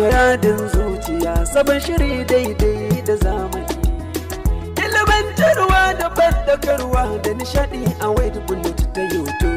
Muradin zuciya sabon shiri daidai da zamani. Ilimantarwa da bandakarwa da nishadi a wadda bullet ta YouTube.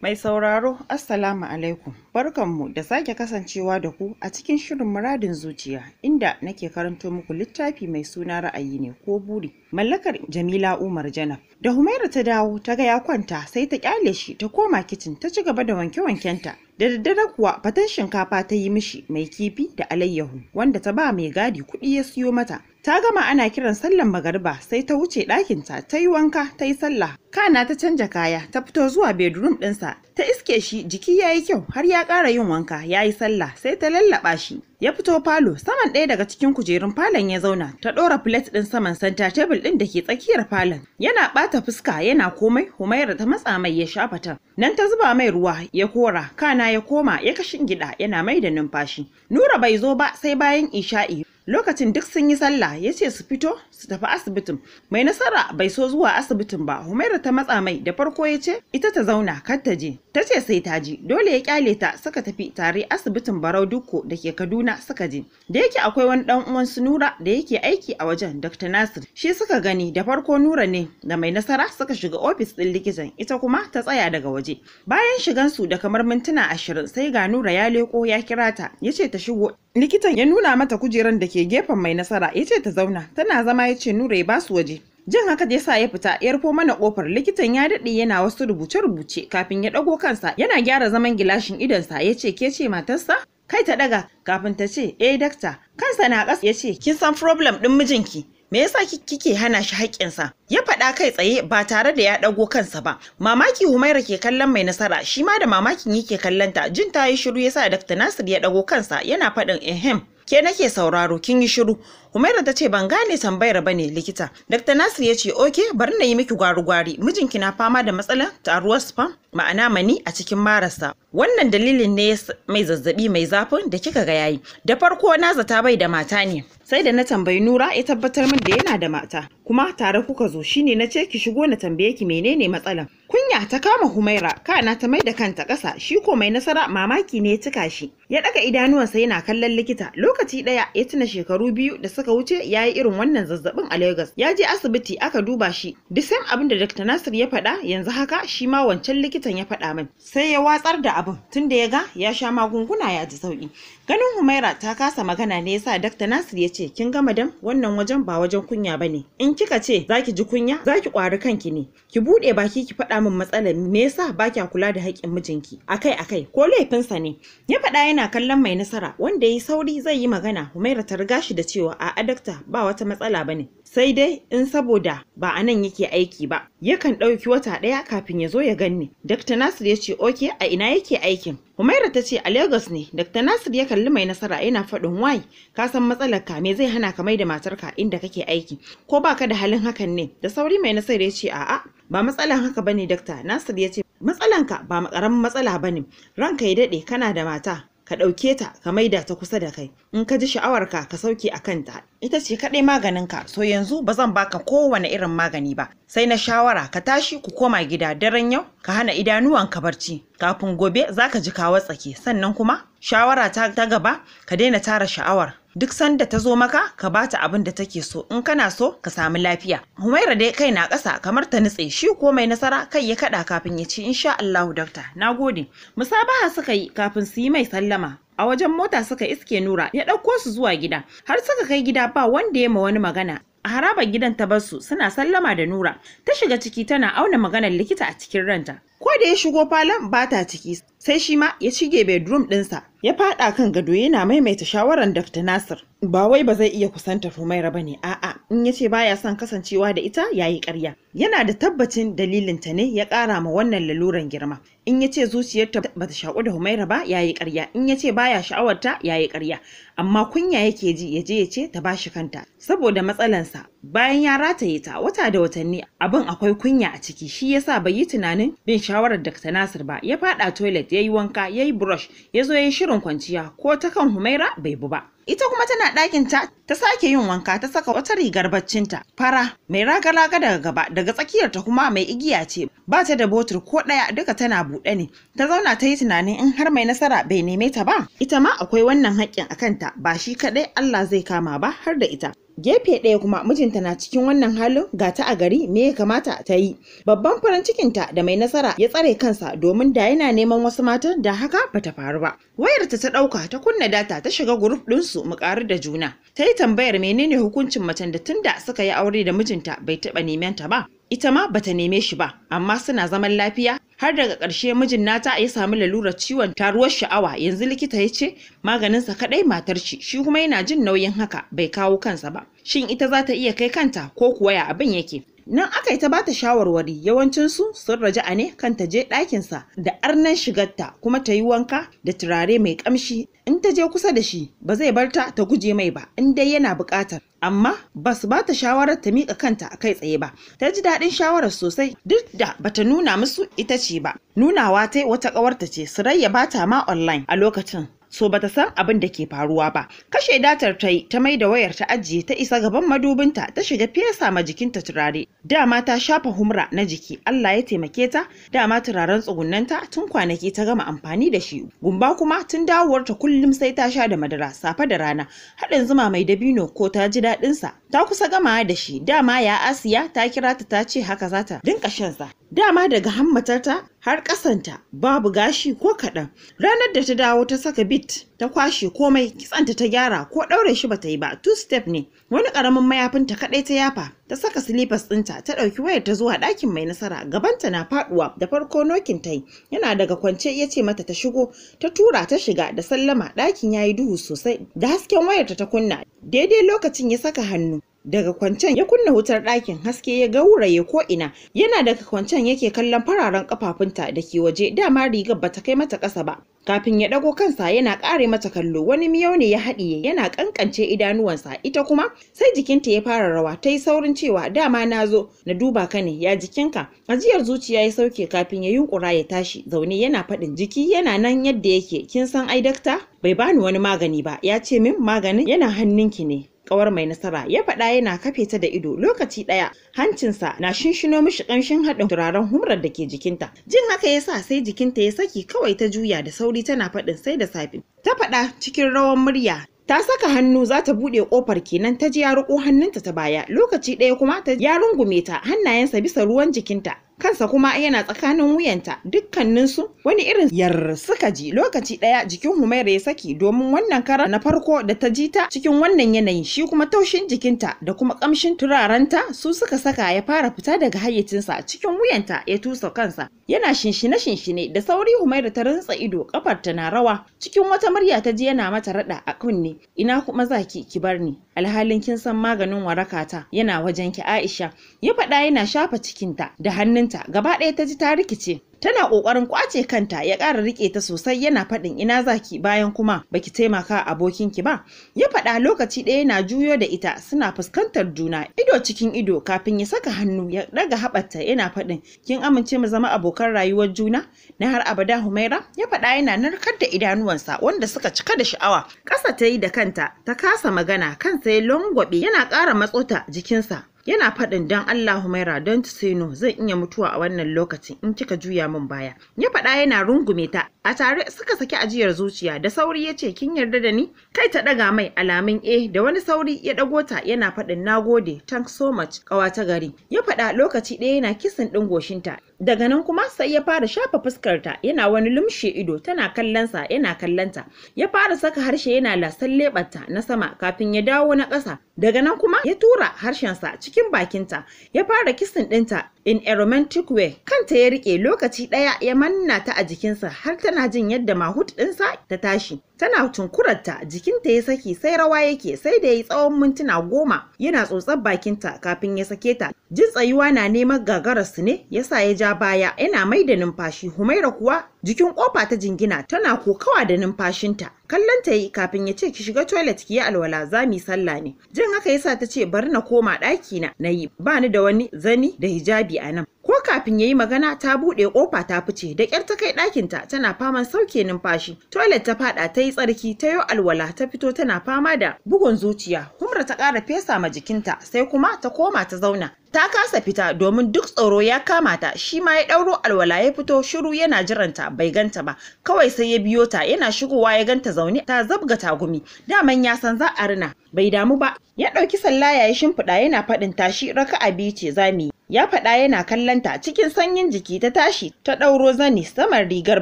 Mai sauraro, Assalamu alaikum. Barkanmu da sake kasancewa da ku a cikin shirin muradin zuciya inda nake karanto muku littafi mai suna ra'ayi ne ko buri. Mallakar Jamila Umar Janaf. Da Humaira ta dawo ta ga ya kwanta sai ta kyale shi ta koma kicin ta ci gaba da wanke-wankenta. Da daddare kuwa fatan shinkafa ta yi mishi mai kifi da alayyahu wanda ta ba mai gadi kuɗi ya siyo mata. Ta gama ana kiran sallan magariba sai ta wuce ɗakinta ta yi wanka ta yi sallah. Kana ta canja kaya ta fito zuwa bedroom ɗinsa ta iske shi jiki ya yi kyau har ya ƙara yin wanka ya yi sallah sai ta lallaɓa shi. Ya fito falo saman ɗaya daga cikin kujerun falon ya zauna ta ɗora filet ɗin saman santa tebul ɗin da ke tsakiyar falon. Yana ɓata fuska yana komai Humaira ta matsa mai ya shafa ta. Nan ta zuba mai ruwa ya kora kana ya koma ya kashin gida yana mai da numfashi. Nura bai zo ba sai bayan isha'i lokacin duk sun yi sallah ya ce su fito su tafi asibitin mai nasara bai so zuwa asibitin ba humaira ta matsa mai da farko ya ce ita ta zauna kar ta je ta ce sai ta ji dole ya kyale ta suka tafi tare asibitin barau dukko da ke kaduna suka je da yake akwai wani dan uwan su nura da yake aiki a wajen dr nasir shi suka gani da farko nura ne da mai nasara suka shiga ofis din likitan ita kuma ta tsaya daga waje bayan shigansu da kamar mintuna ashirin sai ga nura ya leko ya kira ta ya ce ta shigo likitan ya nuna mata kujeran da ke gefen mai nasara ya ce ta zauna tana zama ya ce nura ya basu waje jin haka ya sa ya fita ya rufo mana kofar likitan ya daɗe yana wasu rubuce-rubuce kafin ya ɗago kansa yana gyara zaman gilashin idonsa ya ce ke ce matarsa kai ta ɗaga kafin ta ce eh dakta kansa na ƙasa ya ce kin san problem ɗin mijinki me yasa kike hana shi haƙƙinsa ya faɗa kai tsaye ba tare da ya ɗago kansa ba mamaki humaira ke kallon mai nasara shi ma da mamakin yake kallonta jin ta yi shiru yasa dr nasir ya ɗago kansa yana faɗin ehem ke nake sauraro kin yi shiru Humaira ta ce ban gane tambayar bane likita. Dr. Nasir ya ce oke bari na yi miki gwari-gwari mijinki na fama da matsalar taruwar spam ma'ana mani a cikin marasa. Wannan dalilin ne mai zazzabi mai zafin da kika ga yayi. Da farko na zata bai da mata ne. Sai da na tambayi Nura ya tabbatar min da yana da mata. Kuma tare kuka zo shine na ce ki shigo na tambaye ki menene matsalan. kunya ta kama Humaira, kana ta mai da kanta ƙasa, shi ko mai nasara mamaki ne ya cika shi. Ya ɗaga idanuwansa yana kallon likita, lokaci ɗaya ya tuna shekaru biyu da suka wuce ya yi irin wannan zazzabin a Lagos. Ya je asibiti aka duba shi, duk sam abin da Dr. Nasir ya faɗa yanzu haka shi ma wancan likitan ya faɗa min. Sai ya watsar da abin, tunda ya ga ya sha magunguna ya ji sauki Ganin Humaira ta kasa magana ne yasa Dr. Nasir ya ce, "Kin gama dan wannan wajen ba wajen kunya bane. In kika ce zaki ji kunya, zaki kwari kanki ne. Ki buɗe baki ki faɗa samun matsalar me yasa ba kya kula da haƙƙin mijinki akai akai ko laifinsa ne ya faɗa yana kallon mai nasara wanda ya yi sauri zai yi magana humaira ta riga shi da cewa a'a dakta ba wata matsala bane sai dai in saboda ba a nan yake aiki ba yakan ɗauki wata ɗaya kafin ya zo ya ganni dakta nasir ya ce oke a ina yake aikin Humaira ta ce a Lagos ne Dr. Nasir ya kalli mai nasara yana faɗin wai ka san matsalar ka me zai hana ka mai da matarka inda kake aiki ko ba ka da halin hakan ne da sauri mai nasara ya ce a'a ba matsalan haka bane Dr. Nasir ya ce matsalanka ba karamin matsala bane ranka ya daɗe kana da mata ka ɗauke ta ka maida ta kusa da kai in ka ji sha'awarka ka sauke a kanta ita ce kaɗai ka, so yanzu ba zan baka kowane irin magani ba sai na shawara ka tashi ku koma gida daren yau ka hana idanuwanka barci kafin gobe za ka ji kawo tsake sannan kuma shawara ta gaba ka daina tara sha'awar duk sanda ta zo maka ka bata abin da take so in kana so ka samu lafiya humaira dai kai na ƙasa kamar ta nutse shi ko mai nasara kai ya kaɗa kafin ya ce insha Allahu dakta nagode musabaha suka yi kafin su yi mai sallama a wajen mota suka iske nura ya ɗauko su zuwa gida har suka kai gida ba wanda ya ma wani magana a harabar gidan ta barsu, suna sallama da nura ta shiga ciki tana auna maganar likita a cikin ranta ko da ya shigo falon ba ta ciki sai shi ma ya shige bedroom ɗinsa ya faɗa kan gado yana maimaita shawaran Dr. Nasir ba wai ba zai iya kusantar Humaira ba ne a'a in ya ce baya son kasancewa da ita yayi ƙarya yana da tabbacin dalilinta ne ya ƙara ma wannan laluran girma in ya ce zuciyarta ta shaƙu da Humaira ba yayi ƙarya in ya ce baya sha'awarta yayi ƙarya amma kunya yake ji ya je ya ce ta bashi kanta saboda matsalansa bayan ya rataye ta wata da watanni abin akwai kunya a ciki shi yasa bai yi tunanin bin shawarar Dr. Nasir ba ya faɗa toilet ya yi wanka ya yi brush ya zo ya yi shirin kwanciya ko ta kan Humaira bai bu ba. ita kuma tana ɗakin ta ta sake yin wanka ta saka wata rigar baccinta fara mai raga-raga daga gaba daga tsakiyar ta kuma mai igiya ce ba ta da botur ko ɗaya duka tana buɗe ne ta zauna ta yi tunanin in har mai nasara bai neme ta ba ita ma akwai wannan haƙƙin a kanta ba shi kaɗai Allah zai kama ba har da ita gefe ɗaya kuma mijinta na cikin wannan halin ga ta a gari me ya kamata ta yi babban farin cikinta da mai nasara ya tsare kansa domin da yana neman wasu matan da haka bata faru ba wayarta ta ɗauka ta kunna data ta shiga gurup ɗinsu su mu karu da juna ta yi tambayar menene hukuncin macen da tunda suka yi aure da mijinta bai taɓa neman ta ba ita ma bata neme shi ba amma suna zaman lafiya har daga ƙarshe mijin nata ya samu lalurar ciwon taruwar sha'awa yanzu likita ya ce maganinsa kaɗai matar shi shi kuma yana jin nauyin haka bai kawo kansa ba shin ita za ta iya kai kanta ko kuwa ya abin yake Nan aka yi ta bata shawarwari yawancinsu sun a ne kan ta je ɗakinsa da arnan shigarta kuma ta yi wanka da turare mai ƙamshi in ta je kusa da shi ba zai bar ta ta guje mai ba in dai yana buƙatar. Amma ba su bata shawarar ta miƙa kanta a kai tsaye ba. Ta ji daɗin shawarar sosai duk da bata nuna musu ita ce ba. Nunawa ta wata ƙawarta ce su rayya bata ma online a lokacin so bata san abin da ke faruwa ba kashe datar ta yi ta maida wayar ta ajiye ta isa gaban madubinta ta shiga fesa ma jikinta turare dama ta shafa humra na jiki Allah ya taimake ta dama turaren tsugunnanta tun kwanaki ta gama amfani da shi gumba kuma tun dawowar ta kullum sai ta sha da madara safe da rana haɗin zuma mai dabino ko ta ji daɗin sa ta kusa gama da shi dama ya Asiya ta kira ta ta ce haka za ta dinka shan sa dama daga hammatarta har ƙasanta babu gashi ko kaɗan ranar da ta dawo ta saka bit ta kwashe komai kitsanta ta gyara ko ɗaure shi bata yi ba two step ne wani ƙaramin mayafinta kaɗai ta yafa ta saka silifas ɗinta ta ɗauki wayar ta zuwa ɗakin mai nasara gabanta na faɗuwa da farko nokin ta yi yana daga kwance ya ce mata ta shigo ta tura ta shiga da sallama ɗakin ya yi duhu sosai da hasken wayarta ta kunna daidai lokacin ya saka hannu daga kwancen ya kunna wutar ɗakin haske ya ga wuraye ko ina yana daga kwancen yake kallon fararen kafafunta da ke waje dama rigar bata kai mata ƙasa ba kafin ya ɗago kansa yana ƙare mata kallo wani miyau ne ya haɗiye yana ƙanƙance idanuwansa ita kuma sai jikinta ya fara rawa ta yi saurin cewa dama na zo na duba ka ne ya jikinka ajiyar zuciya ya sauke kafin ya yunƙura ya tashi zaune yana faɗin jiki yana nan yadda yake kin san ai dakta bai bani wani magani ba ya ce min maganin yana hannunki ne Kawar mai nasara ya faɗa yana kafe ta da ido lokaci ɗaya hancinsa na shinshino mishi ƙamshin haɗin turaren humrar da ke jikinta. Jin haka ya sa sai jikinta ya saki kawai ta juya da sauri tana faɗin sai da safe. Ta faɗa cikin rawan murya ta saka hannu za ta buɗe ƙofar kenan ta ji ya riƙo hannunta ta baya lokaci ɗaya kuma ta ya rungume ta hannayensa bisa ruwan jikinta kansa kuma yana tsakanin wuyanta dukkaninsu wani irin yar suka ji lokaci ɗaya jikin Humaira ya saki domin wannan kara na farko da ta ji ta cikin wannan yanayin shi kuma taushin jikinta da kuma kamshin turarenta su suka saka ya fara fita daga hayyacinsa cikin wuyanta ya tusa kansa yana shinshine shinshine da sauri Humaira ta rintsa ido kafarta na rawa cikin wata murya ta ji yana mata rada a kunne ina kuma zaki ki bar ni alhalin kin san maganin waraka ta yana wajen ki Aisha ya faɗa yana shafa cikinta da hannunta gaba ɗaya ta ji ta rikice tana ƙoƙarin kwace kanta ya ƙara riƙe ta sosai yana faɗin ina zaki bayan kuma baki taimaka abokinki ba ya faɗa lokaci ɗaya na juyo da ita suna fuskantar juna ido cikin ido kafin ya saka hannu ya ɗaga haɓata yana faɗin kin amince mu zama abokan rayuwar juna na har abada humaira ya faɗa yana narkar da idanuwansa wanda suka cika da sha'awa ƙasa ta yi da kanta ta kasa magana kansa ya longwabe yana ƙara matsota jikinsa yana faɗin don Allah Humaira don Tusino zan iya mutuwa a wannan lokacin in kika juya min baya. Ya faɗa yana rungume ta a tare suka saki ajiyar zuciya da sauri ya ce kin yarda da ni kai ta ɗaga mai alamin eh da wani sauri ya ɗago ta yana faɗin nagode thanks so much ƙawa ta gari. Ya faɗa lokaci ɗaya yana kisan ɗin goshinta daga nan kuma sai ya fara shafa fuskarta yana wani lumshe ido tana kallonsa yana kallonta ya fara saka harshe yana lasan lebarta na sama kafin ya dawo na ƙasa daga nan kuma ya tura harshen sa cikin bakinta ya fara kisin ɗinta in a romantic way kanta ya riƙe lokaci ɗaya ya manna ta a jikinsa har tana jin yadda mahut ɗinsa ta tashi tana tunkurarta jikinta ya saki sai rawa yake sai da ya tsawon mintuna goma yana tsotsar bakinta kafin ya sake ta jin tsayuwa na neman gagararsu su ne yasa ya ja baya yana mai da numfashi humaira kuwa jikin kofa ta jingina tana kokawa da numfashinta kallon ta yi kafin ya ce ki shiga toilet ki yi alwala za mu sallah ne jin haka yasa ta ce bari na koma ɗaki na na yi ba ni da wani zani da hijabi a nan ko kafin ya yi magana ta buɗe kofa ta fice da ƙyar ta kai ɗakinta tana faman sauke numfashi toilet ta faɗa ta yi tsarki ta yi alwala ta fito tana fama da bugun zuciya humra ta ƙara fesa ma jikinta sai kuma ta koma ta zauna ta kasa fita domin duk tsoro ya kama ta shi ma ya ɗauro alwala ya fito shiru yana jiranta bai ganta ba kawai sai ya biyo ta yana shigowa ya ganta zaune ta zabga tagumi daman ya san za a rina bai damu ba ya ɗauki sallaya ya shimfiɗa yana faɗin tashi raka'a biyu ce za mu yi ya faɗa yana kallon kallonta cikin sanyin jiki ta tashi ta ɗauro zani saman rigar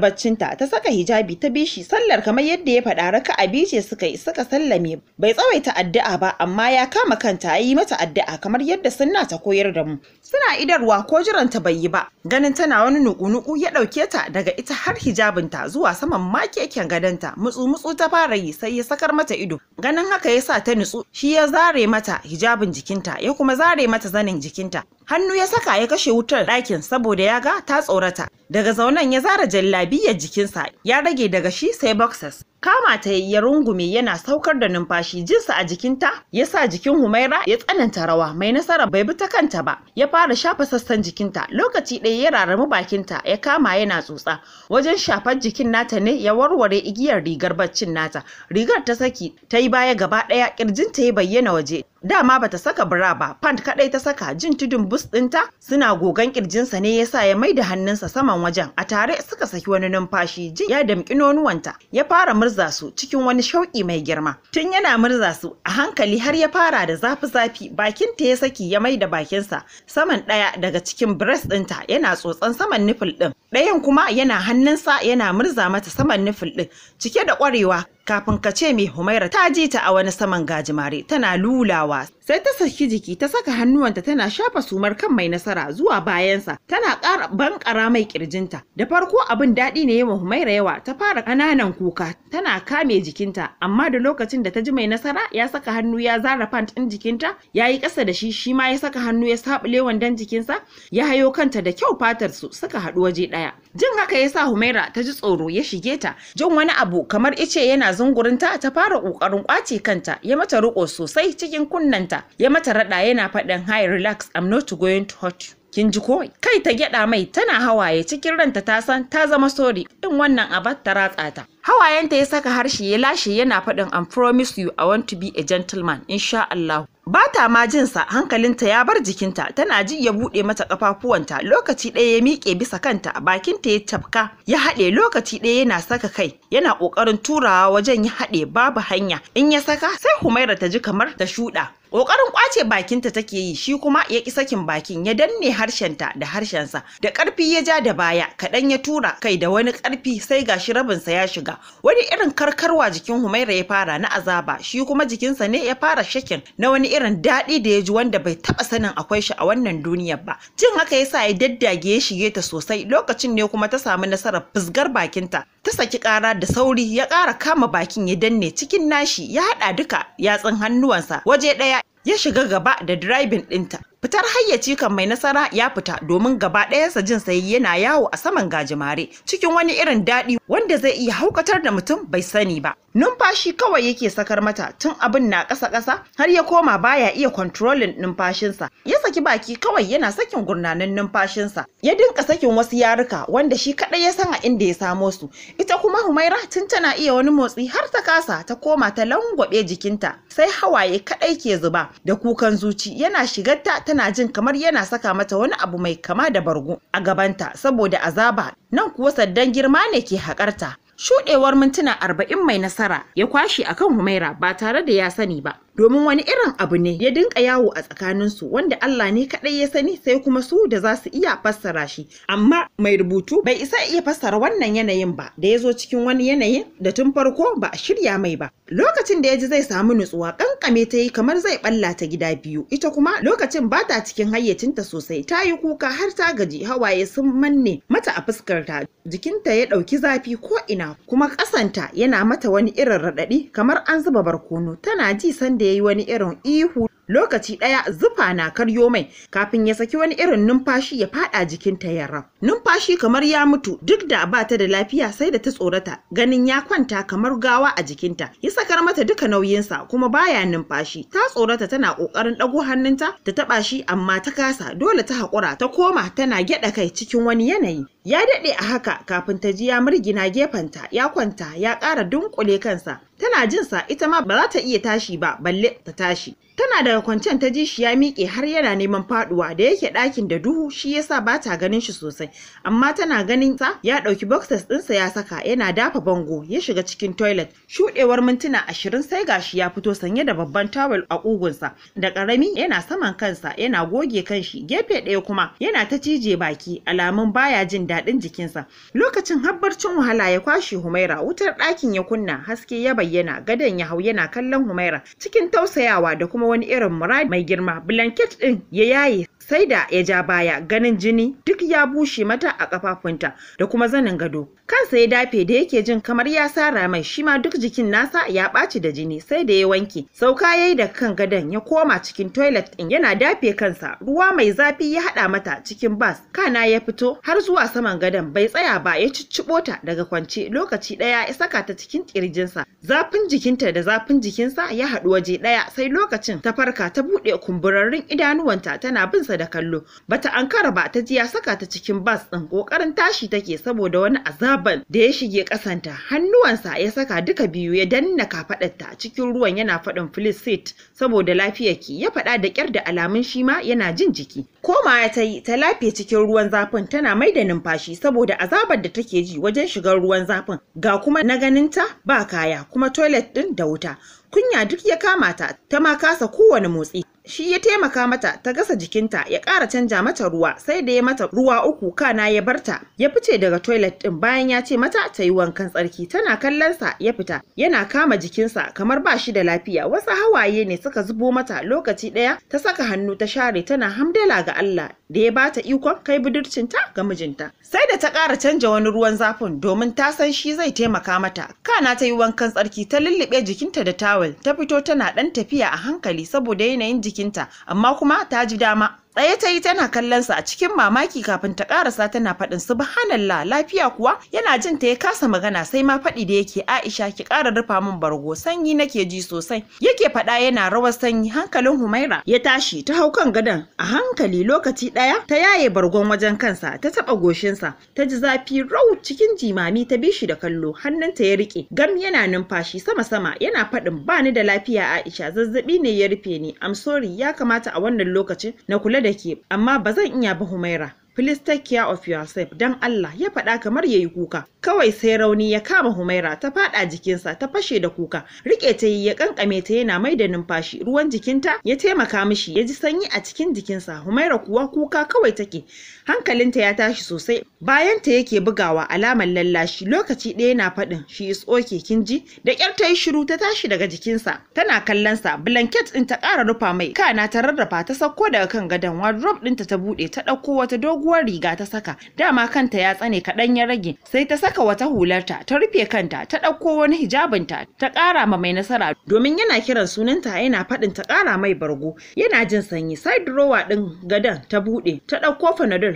baccinta ta saka hijabi ta bishi sallar kamar yadda ya faɗa raka abice suka yi suka sallame bai tsawaita addu'a ba amma ya kama kanta yi mata addu'a kamar yadda sunna ta koyar da mu suna idarwa ko jiranta bai yi ba ganin tana wani nuku-nuku ya ɗauke ta daga ita har hijabin ta, zuwa saman ma makeken gadonta mutsu-mutsu ta fara yi sai ya sakar mata ido ganin haka ya sa ta nutsu shi ya zare mata hijabin jikinta ya kuma zare mata zanin jikinta hannu ya saka ya kashe wutar ɗakin saboda ya ga ta tsorata daga zaunan ya zara jallabiya jikinsa ya rage daga shi sai boxes kama ta ya rungume yana saukar da numfashi jinsa a jikinta ya sa jikin humaira ya tsananta rawa mai nasara bai bi ta kanta ba ya fara shafa sassan jikinta lokaci ɗaya ya rarrami bakinta ya kama yana tsotsa wajen shafar jikin nata ne ya warware igiyar rigar baccin nata rigar ta saki ta yi baya gaba ɗaya ƙirjinta ya bayyana waje Dama bata saka bra ba, pant kadai ta saka jin tudun bus dinta suna gogan kirjinsa ne yasa ya mai da hannunsa saman wajen. A tare suka saki wani numfashi jin ya damƙi nonuwanta ya fara murza su cikin wani shauki mai girma. Tun yana murza su a hankali har ya fara da zafi-zafi bakinta ya saki ya mai da bakinsa saman ɗaya daga cikin breast ɗinta yana tsotsan saman nipple ɗin. Ɗayan kuma yana hannunsa yana murza mata saman nipple ɗin cike da kwarewa kafin ka ce mai Humaira ta ji ta a wani saman gajimare tana lulawa sai ta saki jiki ta saka hannuwanta tana shafa sumar kan mai nasara zuwa bayansa tana ƙara bankara mai kirjinta da farko abin daɗi ne yawan humaira yawa ta fara ƙananan kuka tana kame jikinta amma da lokacin da ta ji mai nasara ya saka hannu ya zara pant ɗin jikinta ya yi ƙasa da shi shi ma ya saka hannu ya saɓule wandon jikinsa ya hayo kanta da kyau fatar su suka haɗu waje ɗaya jin haka ya sa humaira ta ji tsoro ya shige ta jin wani abu kamar ice yana zungurinta ta fara ƙoƙarin ƙwace kanta ya mata riƙo sosai cikin kunnanta ya mata rada yana faɗin hi relax i'm not going to hurt you kin ji ko kai ta gyada mai tana hawaye cikin ranta ta san ta zama sori in wannan abar ta ratsa ta hawayenta ya saka harshe ya lashe yana faɗin i'm promise you i want to be a gentleman insha Allah ba ta ma jinsa hankalinta ya bar jikinta tana ji ya buɗe mata ƙafafuwanta lokaci ɗaya ya miƙe bisa kanta bakinta ya tafka ya haɗe lokaci ɗaya yana saka kai yana ƙoƙarin turawa wajen ya haɗe babu hanya in ya saka sai humaira ta ji kamar ta shuɗa Ƙoƙarin ƙwace bakinta take yi shi kuma ya ƙi sakin bakin ya danne harshenta da harshensa da ƙarfi ya ja da baya kaɗan ya tura kai da wani ƙarfi sai gashi rabinsa ya shiga wani irin karkarwa jikin Humaira ya fara na azaba shi kuma jikinsa ne ya fara shakin na wani irin daɗi da ya ji wanda bai taɓa sanin akwai shi a wannan duniyar ba jin haka yasa ya daddage ya shige ta sosai lokacin ne kuma ta samu nasarar fusgar bakinta ta saki ƙara da sauri ya ƙara kama bakin ya danne cikin nashi ya haɗa duka yatsun hannuwansa waje ɗaya ya shiga gaba da driving ɗinta Fitar hayyaci kan mai nasara ya fita domin gaba ɗayansa jin sai yana yawo a saman gajimare cikin wani irin daɗi wanda zai iya haukatar da mutum bai sani ba. Numfashi kawai yake sakar mata tun abin na ƙasa-ƙasa har ya koma baya iya kontrolin numfashinsa. Ya saki baki kawai yana sakin gurnanin numfashinsa. Ya dinka sakin wasu yaruka wanda shi kaɗai ya san a inda ya samo su. Ita kuma Humaira tun tana iya wani motsi har ta kasa ta koma ta langwaɓe jikinta sai hawaye kaɗai ke zuba da kukan zuci yana shigar ta tana jin kamar yana saka mata wani abu mai kama da bargo a gabanta saboda azaba nan kuwa saddan girma ne ke haƙarta. Shuɗewar mintuna arba'in mai nasara ya kwashe akan Humaira ba tare da ya sani ba. domin wani irin abu ne ya dinka yawo a tsakaninsu wanda Allah ne kaɗai ya sani sai kuma su da za su iya fassara shi amma mai rubutu bai isa iya fassara wannan yanayin ba da ya zo cikin wani yanayin da tun farko ba a shirya mai ba lokacin da ya ji zai samu nutsuwa kankame ta yi kamar zai balla ta gida biyu ita kuma lokacin ba ta cikin hayyacinta sosai ta yi kuka har ta gaji hawaye sun manne mata a fuskarta jikinta ya ɗauki zafi ko ina kuma ƙasanta yana mata wani irin raɗaɗi kamar an zuba barkono tana ji sanda ya yi wani irin ihu lokaci ɗaya zufa na karyo mai kafin ya saki wani irin numfashi ya faɗa jikinta ya rab numfashi kamar ya mutu duk da ba ta da lafiya sai da ta tsorata ganin ya kwanta kamar gawa a jikinta ya sakar mata duka nauyinsa kuma baya numfashi ta tsorata tana ƙoƙarin ɗago hannunta ta taɓa shi amma ta kasa dole ta haƙura ta koma tana gyaɗa kai cikin wani yanayi ya daɗe a haka kafin ta ji ya murgina gefenta ya kwanta ya ƙara dunƙule kansa tana jin sa ita ma ba za ta iya tashi ba balle ta tashi Tana daga kwancen ta ji shi ya miƙe har yana neman faduwa da yake ɗakin da duhu shi yasa ba ta ganin shi sosai amma tana ganin sa ya ɗauki boxes ɗinsa ya saka yana dafa bango ya shiga cikin toilet shuɗewar mintuna ashirin sai gashi ya fito sanye da babban tawul a ƙugunsa da ƙarami yana saman kansa yana goge kanshi gefe ɗaya kuma yana ta cije baki alamun baya jin daɗin jikinsa lokacin habbarcin wahala ya kwashe Humaira wutar ɗakin ya kunna haske ya bayyana gadon ya hau yana kallon Humaira cikin tausayawa da kuma wani irin muradi mai girma blanket din ya yaye sai da ya ja baya ganin jini duk ya bushe mata a kafafunta da kuma zanin gado kansa ya dafe da yake jin kamar ya sara mai shi ma duk jikin nasa ya ɓaci da jini sai da ya wanke sauka ya yi da kan gadon ya koma cikin toilet ɗin yana dafe kansa ruwa mai zafi ya haɗa mata cikin bas kana ya fito har zuwa saman gadon bai tsaya ba ya cicciɓo ta daga kwance lokaci ɗaya ya saka ta cikin ƙirjinsa zafin jikinta da zafin jikinsa ya haɗu waje ɗaya sai lokacin ta farka ta buɗe kumburarrun idanuwanta tana bin sa da kallo bata ankara ba ta ji ya saka ta cikin bas din kokarin tashi take saboda wani azaban da ya shige kasanta hannuwansa ya saka duka biyu ya danna kafadarta cikin ruwan yana faɗin flisit saboda lafiyarki ya faɗa da kyar da alamun shi ma yana jin jiki koma ya ta yi ta lafiya cikin ruwan zafin tana mai da numfashi saboda azabar da take ji wajen shigar ruwan zafin ga kuma na ganin ta ba kaya kuma toilet din da wuta kunya duk ya kama ta ta ma kasa kowane motsi shi ya taimaka mata ta gasa jikinta ya ƙara canja mata ruwa sai da ya mata ruwa uku kana ya barta ya fice daga toilet ɗin bayan ya ce mata ta yi wankan tsarki tana kallon ya fita yana kama jikinsa kamar ba shi da lafiya wasu hawaye ne suka zubo mata lokaci ɗaya ta saka hannu ta share tana hamdala ga Allah da ya bata ikon kai budurcinta ga mijinta sai da ta ƙara canja wani ruwan zafin domin ta san shi zai taimaka mata kana ta yi wankan tsarki ta lullube jikinta da tawul ta fito tana ɗan tafiya a hankali saboda yanayin jiki cikinta amma kuma ta ji dama tsaye ta yi tana kallon sa a cikin mamaki kafin ta karasa tana faɗin subhanallah lafiya kuwa yana jin ta ya kasa magana sai ma faɗi da yake Aisha ki kara rufa min bargo sanyi nake ji sosai yake faɗa yana rawar sanyi hankalin Humaira ya tashi ta hau kan gadon a hankali lokaci ɗaya ta yaye bargon wajen kansa ta taɓa goshinsa ta ji zafi rau cikin jimami ta bi shi da kallo hannunta ya riƙe gam yana numfashi sama-sama yana faɗin bani da lafiya Aisha zazzaɓi ne ya rufe ni I'm sorry ya kamata a wannan lokacin na kula da ke amma ba zan iya ba Humaira. Please take care of yourself don Allah ya faɗa kamar yayi kuka. Kawai sai rauni ya kama Humaira ta faɗa jikinsa ta fashe da kuka. Rike ta yi ya kankame ta yana mai da numfashi ruwan jikinta ya taimaka mishi ya ji sanyi a cikin jikinsa. Humaira kuwa kuka kawai take. hankalinta ya tashi sosai bayanta yake bugawa alamar lallashi lokaci ɗaya na faɗin shi is okay kin ji da ƙyar ta yi shiru ta tashi daga jikinsa tana kallon sa blanket ɗin ta ƙara rufa mai kana ta rarrafa ta sauko daga kan gadon wardrobe ɗinta ta buɗe ta ɗauko wata doguwar riga ta saka dama kanta ya tsane kaɗan ya rage sai ta saka wata hularta ta rufe kanta ta ɗauko wani hijabinta ta ƙara ma mai nasara domin yana kiran sunanta yana faɗin ta ƙara mai bargo yana jin sanyi side drawer ɗin gadon ta buɗe ta ɗauko fanadol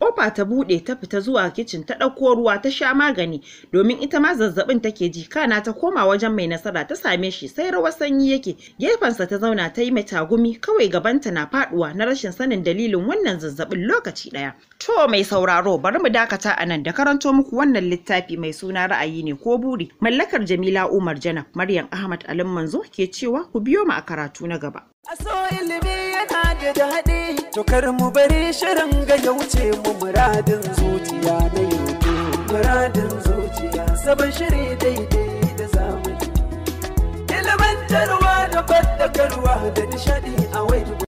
Ƙofa ta buɗe ta fita zuwa kicin ta ɗauko ruwa ta sha magani domin ita ma zazzaɓin take ji kana ta koma wajen mai nasara ta same shi sai rawar sanyi yake gefensa ta zauna ta yi mai tagumi kawai gabanta na faɗuwa na rashin sanin dalilin wannan zazzaɓin lokaci ɗaya. To mai sauraro bari mu dakata a nan da karanto muku wannan littafi mai suna ra'ayi ne ko buri mallakar Jamila Umar jana Maryam Ahmad Alim Manzo ke cewa ku biyo mu a karatu na gaba. Aso ilimi yana da daɗi, to kar mu bari shirin ga yau mu. mu muradin zuciya na yanzu muradin zuciya sabon shiri daidai da zamani ilimantarwa da fadakarwa da nishadi a wai